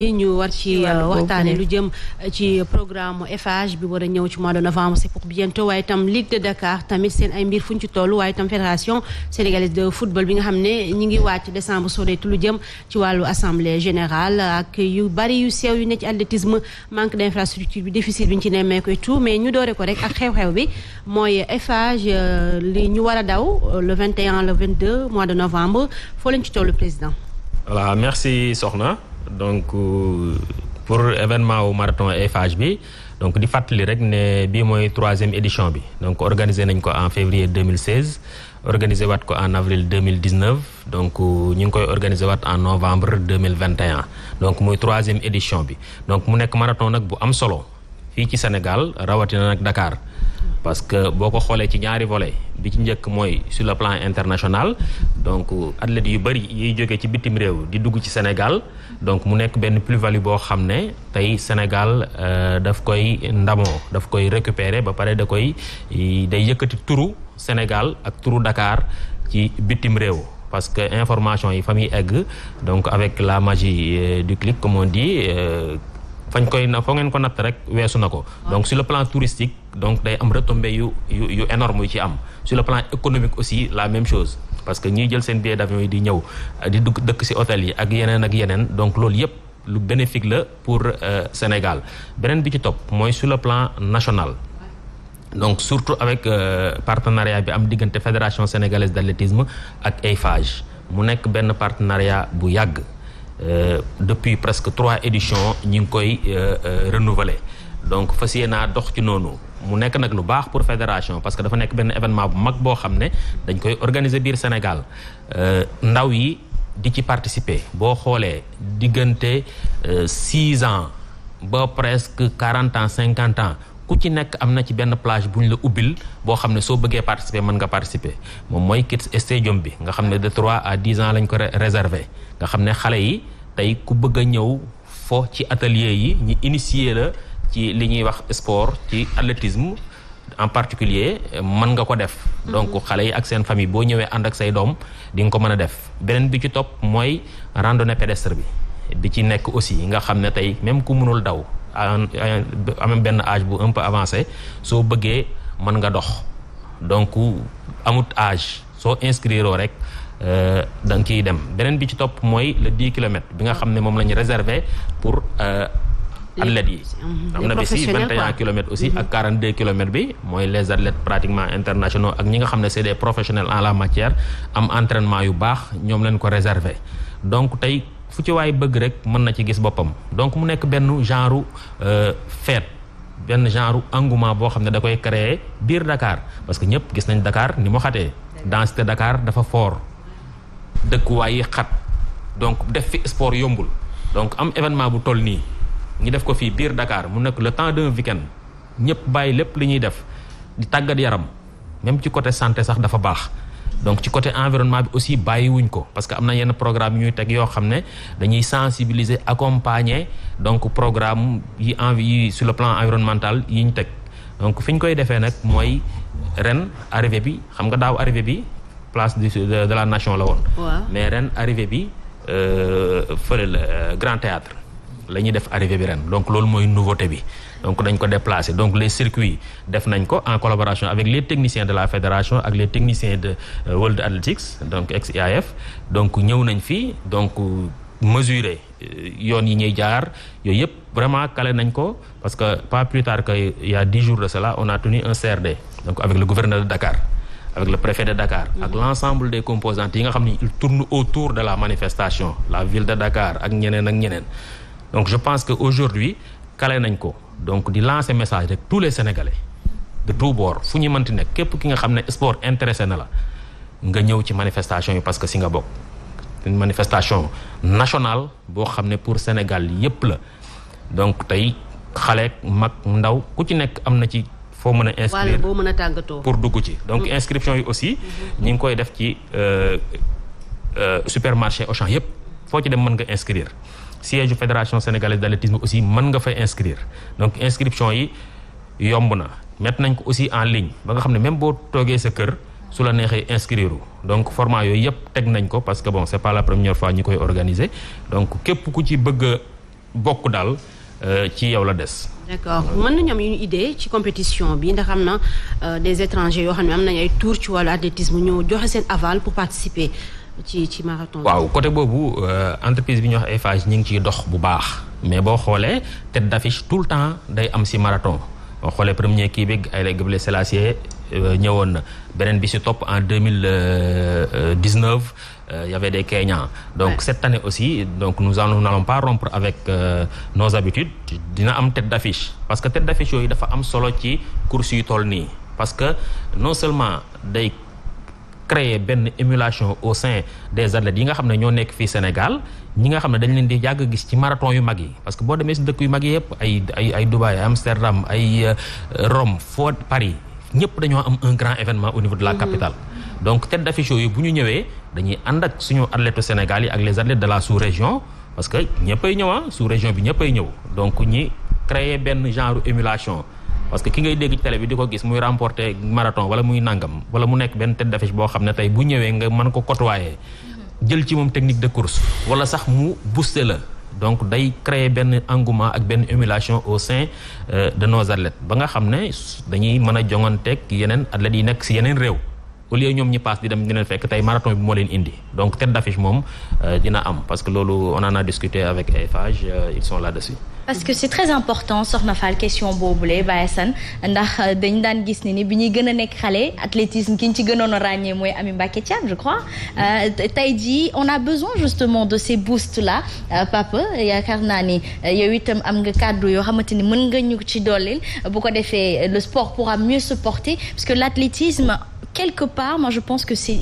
ñu war ci euh, waxtaane lu jëm ci programme Eiffage bi war a ñëw ci mois de novembre c'est pour bientôt waaye tam Ligue de Dakar tamit seen ay mbir fu ñu ci toll waaye itam fédération sénégalaise de football bi nga xam ne ñu ngi wàcc décembre soreetu lu jëm ci wàllu assemblée générale ak yu bari yu sew yu ne ci athlétisme manque d'infrastructure bi déficit bi ñu ci nemmeeku et tout mais ñu doore ko rek ak xew-xew bi mooy Eiffage euh, li ñu war a daw euh, le 21 le 22 mois de novembre foo leen ci tollu président donc euh, pour événement wu marathon Eiffage bi donc di fàttali rek ne bii mooy troisième édition bi donc organisé nañ ko en février 2016 organisé waat ko en avril 2019 donc euh, ñu ngi koy organisé waat en novembre 2021 donc muy troisième édition bi donc mu nekk marathon nag bu am solo fii ci Sénégal rawatina nag Dakar parce que boo ko xoolee ci ñaari vole bi ci njëkk mooy sur le plan international donc athlètes yu bëri yiy jógee ci bitim réew di dugg ci Sénégal donc mu nekk benn plus-value boo xam ne tey Sénégal euh, daf koy ndamoo daf koy récupérer ba pare da koy day yëkkati turu Sénégal ak turu Dakar ci bitim réew. parce que information yi fa muy egg donc avec la magie euh, du clic comme on euh, fañ koy na foo ngeen ko natt rek weesu na ko donc sur le plan touristique donc day am retombées yu yu yu énorme yu ci am sur le plan économique aussi la même chose parce que ñiy jël seen billet d'avion yi di di dugg dëkk ci hôtel yi ak yeneen ak yeneen donc loolu yépp lu bénéfique la pour euh, Sénégal beneen bi ci topp mooy sur plan national donc surtout avec euh, partenariat bi am diggante fédération sénégalaise d'athlétisme ak Eiffage mu nekk benn partenariat bu yàgg Euh, depuis presque trois éditions ñi ngi koy euh, euh, renouveler donc fas yéene naa dox ci noonu mu nekk nag lu baax pour fédération parce que dafa nekk benn événement bu mag boo xam ne dañ koy organiser biir Sénégal ndaw yi di ci participer boo xoolee diggante six ans ba presque quarante ans cinquante ans ku ci nekk am na ci benn plage bu ñu la ubbil boo xam ne soo bëggee participer mën nga participer moom mooy kids stadium bi nga xam ne de 3 à 10 ans lañ ko réserver nga xam ne xale yi tey ku bëgg a ñëw fo ci atelier yi ñu initier la ci li ñuy wax sport ci athlétisme en particulier mën nga ko def mm-hmm. donc xale yi ak seen famille boo ñëwee ànd ak say doom di nga ko mën a def beneen bi ci topp mooy randonnée pédestre bi bi ci nekk aussi nga xam ne tey même ku mënul daw am benn âge bu un avancé soo bëggee man nga dox donc amut âge soo inscrire rek euh, da nga kiy dem beneen bi ci topp mooy le 10 kilomètres bi nga xam ne moom la ñu réservé pour euh, athlètes yi am na bi si 21 kilomètres aussi ak 42 mm-hmm. kilomètres bi mooy les athlètes pratiquement internationaux ak ñi nga xam ne c'est des professionnels en la matière am entrainement yu baax ñoom leen ko réservé donc tey fu ci waay bëgg rek mën na ci gis boppam donc mu nekk benn genre euh, fête benn genre engouement boo xam ne da koy créer biir Dakar parce que ñëpp gis nañ dakaar ni mu xatee densité dakaar dafa foor dëkkuwaay yi xat donc def fi sport yombul donc am événement bu toll nii ñu def ko fii biir dakaar mu nekk le temps de week-end ñëpp bàyyi lépp li ñuy def di tàggat yaram même ci côté santé sax dafa baax donc ci côté environnement bi aussi bàyyiwuñ ko parce que am na yenn programme ñuy teg yoo xam ne dañuy sensibiliser accompagner donc programme yi envi yi le plan environnemental yi ñu teg donc fi ñu koy defee nag mooy ren arrivé bi xam nga daaw arrivé bi place de de la nation la woon. mais ren arrivé bi euh, fële la euh, Grand Théâtre la def arrivé bi ren donc loolu mooy nouveauté bi donc dañ ko déplacé donc les circuits def nañ ko en collaboration avec les techniciens de la fédération ak les techniciens de euh, World Athletics donc ex donc ñëw nañ fii donc euh, mesurer euh, yoon yi ñuy jaar yooyu yëpp vraiment calé nañ ko parce que pas plus tard que il y a dix jours de cela on a tenu un CRD donc avec le gouverneur de Dakar avec le préfet de Dakar mm-hmm. ak l'ensemble des composantes yi nga xam ni il tourne autour de la manifestation la ville de Dakar ak ñeneen ak ñeneen donc je pense que aujourd'hui kale nañ ko donc di lancer message rek tous les sénégalais de tout bord fu ñu mënti nekk képp ki nga xam ne sport intéressé na la nga ñëw ci manifestation yi parce que si nga bokk manifestation nationale boo xam ne pour Sénégal yépp la donc tey xale mag ndaw ku ci nekk am na ci foo mën a inscrire boo mën a tàggatoo pour dugg ci donc mm. inscription yi aussi mm-hmm. ñi ngi koy def ci euh, euh, supermarché Auchan yépp foo ci dem mën nga inscrire siège fédération sénégalaise d'athlétisme aussi mën nga fay inscrire donc inscription yi yomb na mettre nañ ko aussi en ligne ba nga xam ne même boo toogee sa kër su la neexee inscrire donc format yooyu yëpp teg nañ ko parce que bon c'est pas la première fois ñu koy organiser donc képp ku ci bëgg a bokk daal euh, ci yow la des. d'accord mën nañu am une idée ci compétition bi ndax am na euh, des étrangers yoo xam ne am nañ ay tour ci wàllu athlétisme ñoo joxe seen aval pour participer. ci ci marathon waaw côté boobu euh, entreprise bi ñuy wax Eiffage ñu ngi ciy dox bu baax mais boo xoolee tête d'affiche tout le temps day am si marathon boo xoolee premier kii bi Haile Gebrselassie euh, Selassie ñëwoon na beneen bi si topp en deux mille euh, dix-neuf y avait des Kenyans donc ouais. cette année aussi donc nous n'allons pas rompre avec euh, nos habitudes dina am tête d'affiche parce que tête d'affiche yooyu dafa am solo ci course yu toll nii parce que non seulement day créer benn émulation au sein des athlètes yi nga xam ne ñoo nekk fii Sénégal ñi nga xam ne dañ leen di yàgg gis ci marathon yu mag yi parce que boo demee si dëkk yu mag yi yëpp ay ay ay Dubaï Amsterdam ay euh, Rome foo Paris ñëpp dañoo am un grand événement au niveau de la mhm. capitale donc tête d'affiche yi bu ñu ñëwee dañuy ànd ak suñu athlètes Sénégal yi ak les athlètes de la sous-région parce que ñëppay ñëw ah sous-région bi ñëppay ñëw donc ñi créer benn genre émulation parce que ki ngay dégg tele bi di ko gis muy remporter marathon wala muy nangam wala mu nekk benn tête d'affiche boo xam ne tey bu ñëwee nga mën ko côtoyer jël ci moom technique de course wala sax mu booster la donc day créer benn engouement ak benn émulation au sein euh, de nos athlètes ba nga xam ne dañuy mën a jonganteeg yeneen athlètes yi nekk si yeneen réew au lieu ñoom ñi paas di dem dina fekk tey marathon bi moo leen indi donc tête d'affiche moom euh, dina am parce que loolu on en a discuté avec Eiffage euh, ils sont là-dessus. parce que c'est très important soxna Fall question boobule Baye San ndax euh, dañ daan gis ne ni bi ñuy gën a nekk xale athlétisme ki ñu ci gënoon a ràññee mooy Ami Mbacké Thiam je crois tey jii on a besoin justement de ces boosts la papa yaakaar naa ni yow itam am nga kàddu yoo xamante ni mën nga ñu ci dollil bu ko defee le sport pourra mieux se quelque part, moi je pense que c'est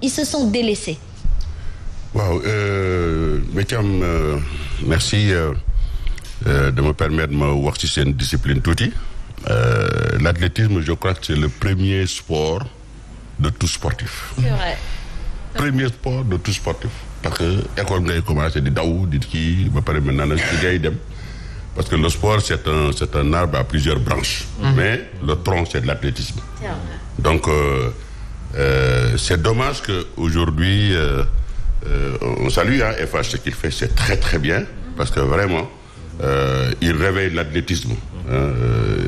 ils se sont délaissés. Euh, euh, merci Mathiam merci dama permettre ma wax ci seen discipline tuuti euh, l'athlétisme je crois que c'est le premier sport de tout sportif. C'est vrai. premier sport de tout sportif. parce que école ngay commencé di daw di kii ba pare maintenant nag ci ngay dem parce que le sport c'est un c'est un arbre à plusieurs branches. Mm-hmm. mais le tronc c'est de l'athlétisme. donc euh, euh, c'est dommage que aujourd'hui euh, euh, on salue hein, FH ce qu'il fait c'est très bien parce que vraiment il réveille l'athlétisme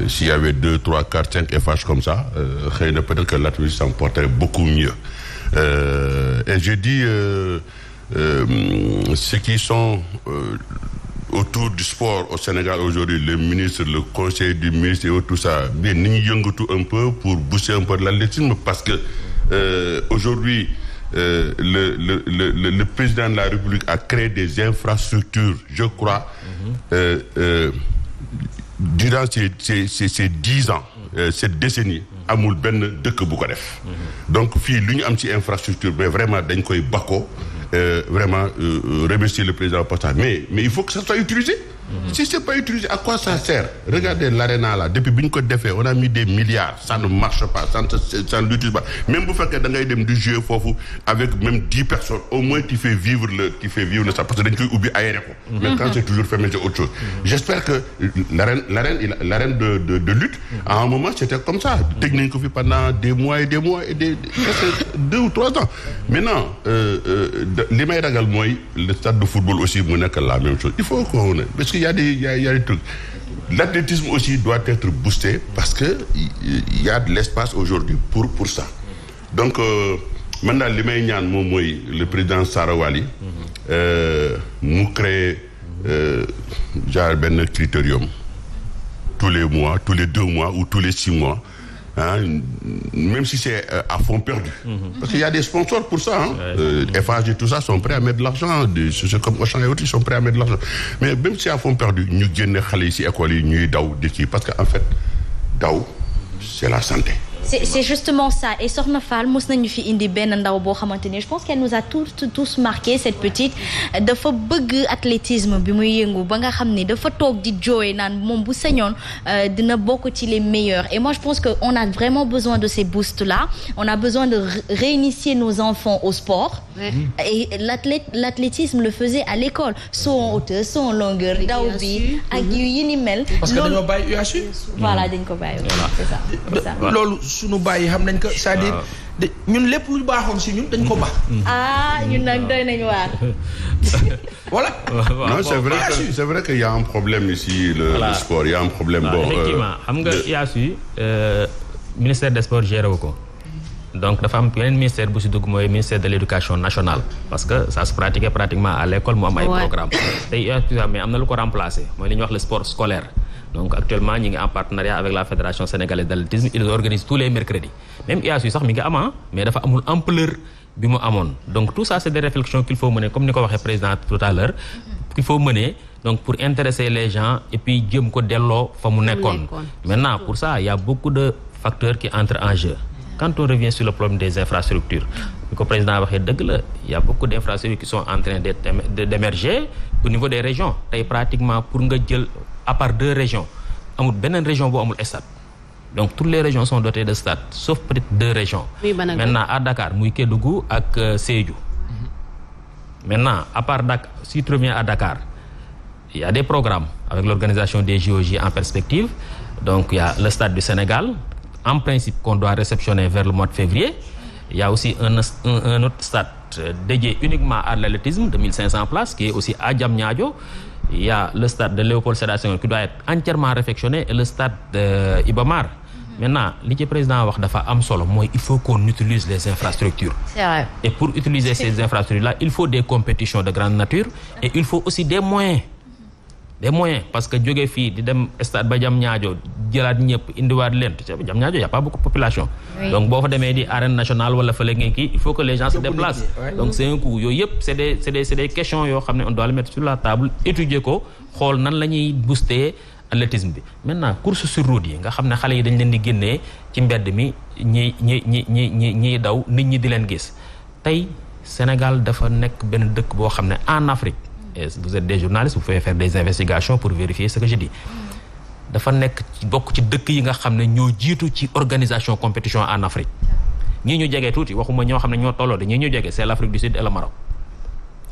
s'il y avait deux trois quatre cinq FH comme ça xëy na peut-être que l'athlétisme s'en porterait beaucoup mieux et je dis ceux qui sont autour du sport au Sénégal aujourd'hui le ministre le conseil du ministre et tout ça bien ni ñu yëngatu un peu pour booster un peu l'athlétisme parce que euh, aujourd'hui euh, le, le le le président de la République a créé des infrastructures je crois mhm. euh, euh, durant ces ces ces ces dix ans euh, cette décennie amul benn dëkk bu ko def mhm. donc fii lu ñu am ci infrastructure mais vraiment dañ koy bakko Euh, vraiment euh, euh, remercier le président Pastef mais mais il faut que ça soit utilisé Mhm. si c'est pas utilisé à quoi ça sert regardez l'arena là depuis bi ñu ko defee on a mis des milliards ça ne marche pas ça ne ça ne pas même bu fekkee da ngay dem di jouer foofu avec même dix personnes au moins tu fais vivre le tu fais vivre le ça parce que dañ koy ubbi aéré ko mhm. mais quand c'est toujours fermé c'est autre chose mhm. j'espère que l'arène de lutte à un moment c'était comme ça tëj nañ ko fi pendant des mois et des mois et des presque deux euh, euh, li may ragal mooy le stade de mu nekk la même chose qu'il y a des il y a, a des trucs aussi doit être boosté parce que il y a de l'espace aujourd'hui pour pour ça donc euh, man daal li may ñaan moom mooy le président Sarawali euh, mu créer euh, genre benn critérium tous les mois tous les deux mois ou tous les six mois Hein, même si c'est euh, à fond perdu. Mm -hmm. Parce qu'il y a des sponsors pour ça. Hein. Euh, FH et tout ça sont prêts à mettre de l'argent. C'est comme Auchan et autres, ils sont prêts à mettre de l'argent. Mais même si à fond perdu, nous gagnons ici à quoi nous Parce qu'en fait, Dao, c'est la santé. c'est c'est justement ça et Soxna Fall mos nañu fi indi benn ndaw boo xamante ni je pense qu'elle nous a tous tous marqué cette petite dafa bëgg athlétisme bi muy yëngu ba nga xam ne dafa toog di jooy naan moom bu sañoon euh, dina bokk ci les meilleurs et moi je pense que on a vraiment besoin de ces boosts là on a besoin de réinitier nos enfants au sport et l'athlète le faisait à l'école saut en hauteur saut en longueur daw bi ak yu yi ni mel parce que dañoo bàyyi UHU voilà dañ ko bàyyi c'est ça c'est ça sunu bàyyi xam nañ ko sa ah. à ñun lépp lu baaxoon si ñun dañ ko baax. Mm-hmm. Mm-hmm. ah ñun nag doy nañu waar. voilà. non c'est vrai que c'est vrai que y a un problème ici. le sport y a problème. bon euh, xam nga Yaasu. Euh, ministère des sports géré wu ko. donc dafa am yeneen ministère bu si dugg mooy ministère de l' nationale parce que ça se pratiquait pratiquement à l' école mu am ay programme tey mais am na lu ko remplacer mooy li wax le sport scolaire donc actuellement ñi ngi en partenariat avec la fédération sénégalaise d'athlétisme ils organisent tous les mercredis même IAS sax mi ngi am ah, mais dafa amul ampleur bi mu amoon donc tout ça c'est des réflexions qu'il faut mener comme ni ko waxee président tout à l'heure qu'il donc pour intéresser les gens et puis jëm ko delloo fa mu nekkoon maintenant pour ça il a beaucoup de facteurs qui entrent en jeu quand revient sur le problème des infrastructures bi ko à part deux régions amul beneen région bu amul stade donc toutes les régions sont dotées de stade sauf peut-être deux régions maintenant à Dakar muy Kédougou ak euh, Sédhiou mhm. maintenant à part Dakar si tu à Dakar il des programmes avec l'organisation des JOJ en perspective donc le stade du Sénégal en principe qu'on doit réceptionner vers le mois de février il y a aussi un, autre stade euh, dédié uniquement à l'athlétisme de 1500 places qui est aussi à jam Diamniadio il le stade de Léopold Sédar Senghor qui doit être entièrement réfectionné et le stade de Iba mhm. li ci président wax dafa am solo mooy il faut qu'on utilise les infrastructures c'est vrai. et pour utiliser ces infrastructures là il faut des compétitions de grande nature et il faut aussi des moyens des moyens parce que jóge fii di dem stade ba jam ñaajo jëlaat ñëpp indiwaat leen jam ñaajo y' a pas population. donc boo fa demee di arène national wala fële ngeen kii il faut que les gens se donc c' yooyu yëpp c' est des c' est des xool nan la ñuy booster athlétisme bi. maintenant course sur route yi nga xam ne xale yi dañ leen di génnee ci mbedd mi ñi ñi ñi ñi ñi ñiy daw nit ñi di leen gis tey Sénégal dafa nekk benn dëkk boo xam ne en Afrique. et vous êtes des journalistes vous pouvez faire des investigations pour vérifier ce que je dafa nekk bokk ci dëkk yi nga xam ne ñoo jiitu ci organisation compétition en Afrique ñii ñu jege tuuti waxuma ñoo xam ne ñoo tolloo de ñii ñu jege c'est l'Afrique du Sud et le Maroc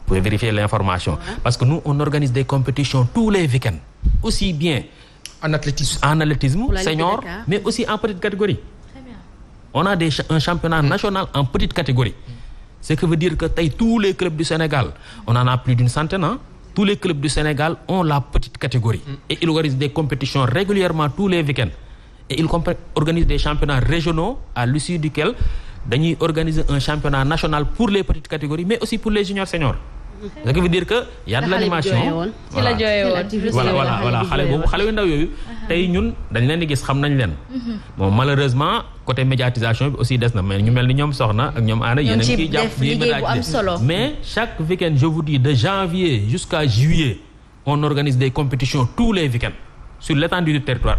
pour vérifier l'information parce que nous on organise des compétitions tous les week-ends aussi bien en athlétisme en athlétisme senior mais aussi en petite catégorie on a des un championnat mm. national en petite ce qui veut dire que tey tous les clubs du Sénégal on en a plus d'une centaine hein tous les clubs du Sénégal ont la petite catégorie mm. et ils organisent des compétitions régulièrement tous les week-ends et ils organisent des championnats régionaux à l'issue duquel dañuy organiser un championnat national pour les petites catégories mais aussi pour les juniors seniors ça veut dire que y a de l'animation woon voilà xale boobu xale yu ndaw yooyu tey ñun dañ leen di gis xam nañ leen moom malheureusement côté médiatisation bi aussi des na mais ñu mel ni ñoom soxna ak ñoom aana yéen a ngi ciy jàpp liggéey bu am solo mais chaque week-end je vous dis de janvier jusqu'à juillet on organise des compétitions tous les week-ends sur l'étendue du territoire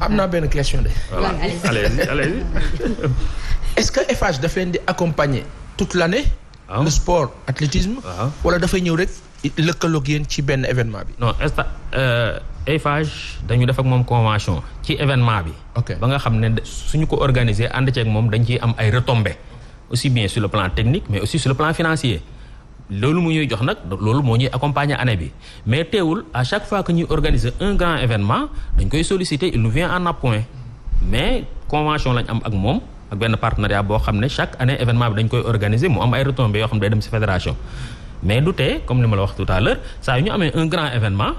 am na benn question de voilà allez allez est-ce que FH daf leen di accompagner toute l'année le ah. sport athlétisme. Ah. wala dafay ñëw rek lëkkaloog yéen ci benn événement bi. non est euh, Eiffage dañu def ak moom convention ci événement bi. ba nga xam ne suñu ko organiser ànd ceeg moom dañ ciy am ay retombées. aussi bien su le plan technique mais aussi sur le plan financier. loolu mu ñuy jox nag loolu moo ñuy accompagner année bi mais teewul à chaque fois que ñuy organiser un grand événement dañ koy solliciter il nous vient en appoint mais convention lañ am ak moom. ak benn partenariat boo xam ne chaque année événement bi dañ koy organiser mu am ay retombées yoo xam ne day dem ci fédération mais du tee comme li ma la wax tout à saa yu ñu amee un grand événement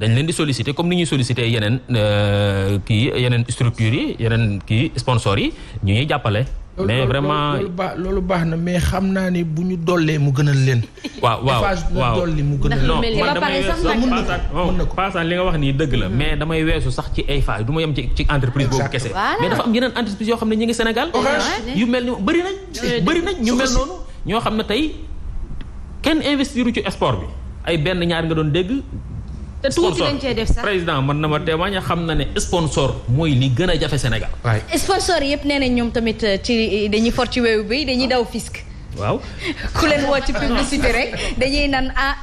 dañ leen di solliciter comme ni ñuy solliciter yeneen euh, kii yeneen structures yi yeneen kii sponsors yi ñu ñuy jàppale mais vraiment loolu baax loolu baax na mais xam naa ne bu ñu dollee mu gën a leen. waaw waaw waaw dolli mu gënal leen. non man damay weesu Paasan li nga wax nii dëgg la mais damay weesu sax ci ay phase du ma yem ci ci entreprise boobu kese. mais dafa am yeneen entreprise yoo xam ne ñu ngi Sénégal. yu mel ni bëri nañ. bari nañ ñu mel noonu. ñoo xam ne tey kenn investiru ci sport bi ay benn ñaar nga doon dégg. te tuuti lañ cee def sax président man na ma témoigner xam na ne sponsor mooy li gën a jafe Sénégal. sponsor yëpp nee nañ ñoom tamit euh, ci dañuy for ci weewu bi dañuy daw fisc. waaw ku leen woo ci publicité rek dañuy naan ah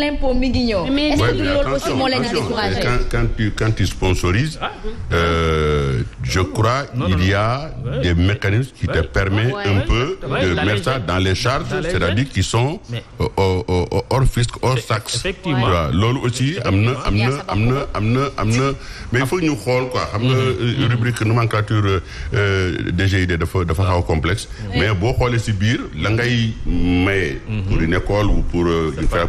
l'impôt mi ngi ñëw. est-ce loolu aussi moo leen découragé quand tu ah, euh, je crois il y a non, des mécanismes qui te permettent un peu de mettre dans les charges c'est-à-dire qui sont hors fisc hors taxe. loolu aussi am na am na am na am na am na mais il faut ñu xool quoi xam nga mm-hmm. euh, rubrique nomenclature DGID euh, dafa dafa xaw complexe mm-hmm. mais boo xoolee si biir ngay maye. Mhm. pour une école ou pour euh, une ko war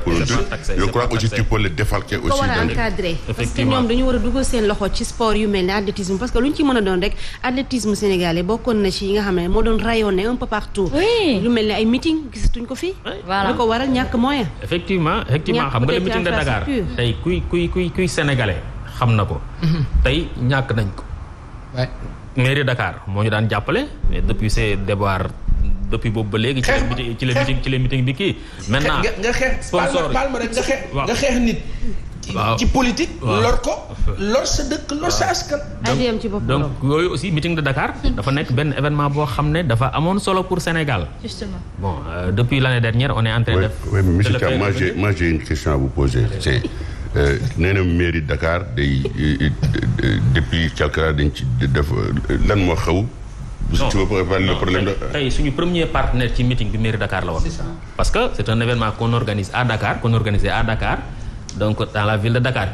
a encadrer parce que ñoom dañu war a dugal seen loxo ci sport yu mel ne athlétisme parce que lu ñu ci mën a doon rek athlétisme sénégalais bokkoon na ci yi nga xam ne moo doon rayonné un peu partout. lu mel ne ay meeting gisatuñ ko fi. lu ko waral ñàkk moyen. xam nga le meeting de Dakar tey kuy kuy kuy xam na ko. Mhm. tey ñàkk nañ ko. mairie Dakar moo ñu daan jàppale depuis ces déboires depuis boobu ba léegi. xeex ci la meeting ci la meeting bi kii. maintenant nga xeex palma rek nga xeex nit. waaw ci politique. lor ko lor sa dëkk lor sa askan. donc yooyu aussi meeting de Dakar. Hmm. dafa nekk benn événement boo xam ne dafa amoon solo pour Sénégal. justement euh, depuis l' année dernière on est en train de. oui mais monsieur Thiam moi j'ai une question à vous poser c' euh, euh, dañ ci def lan moo xew. non tu veux préparer le tey suñu premier partenaire ci meeting bi mairie Dakar la woon. parce que c' est un événement qu'on organise à Dakar qu'on à Dakar donc dans ville de Dakar.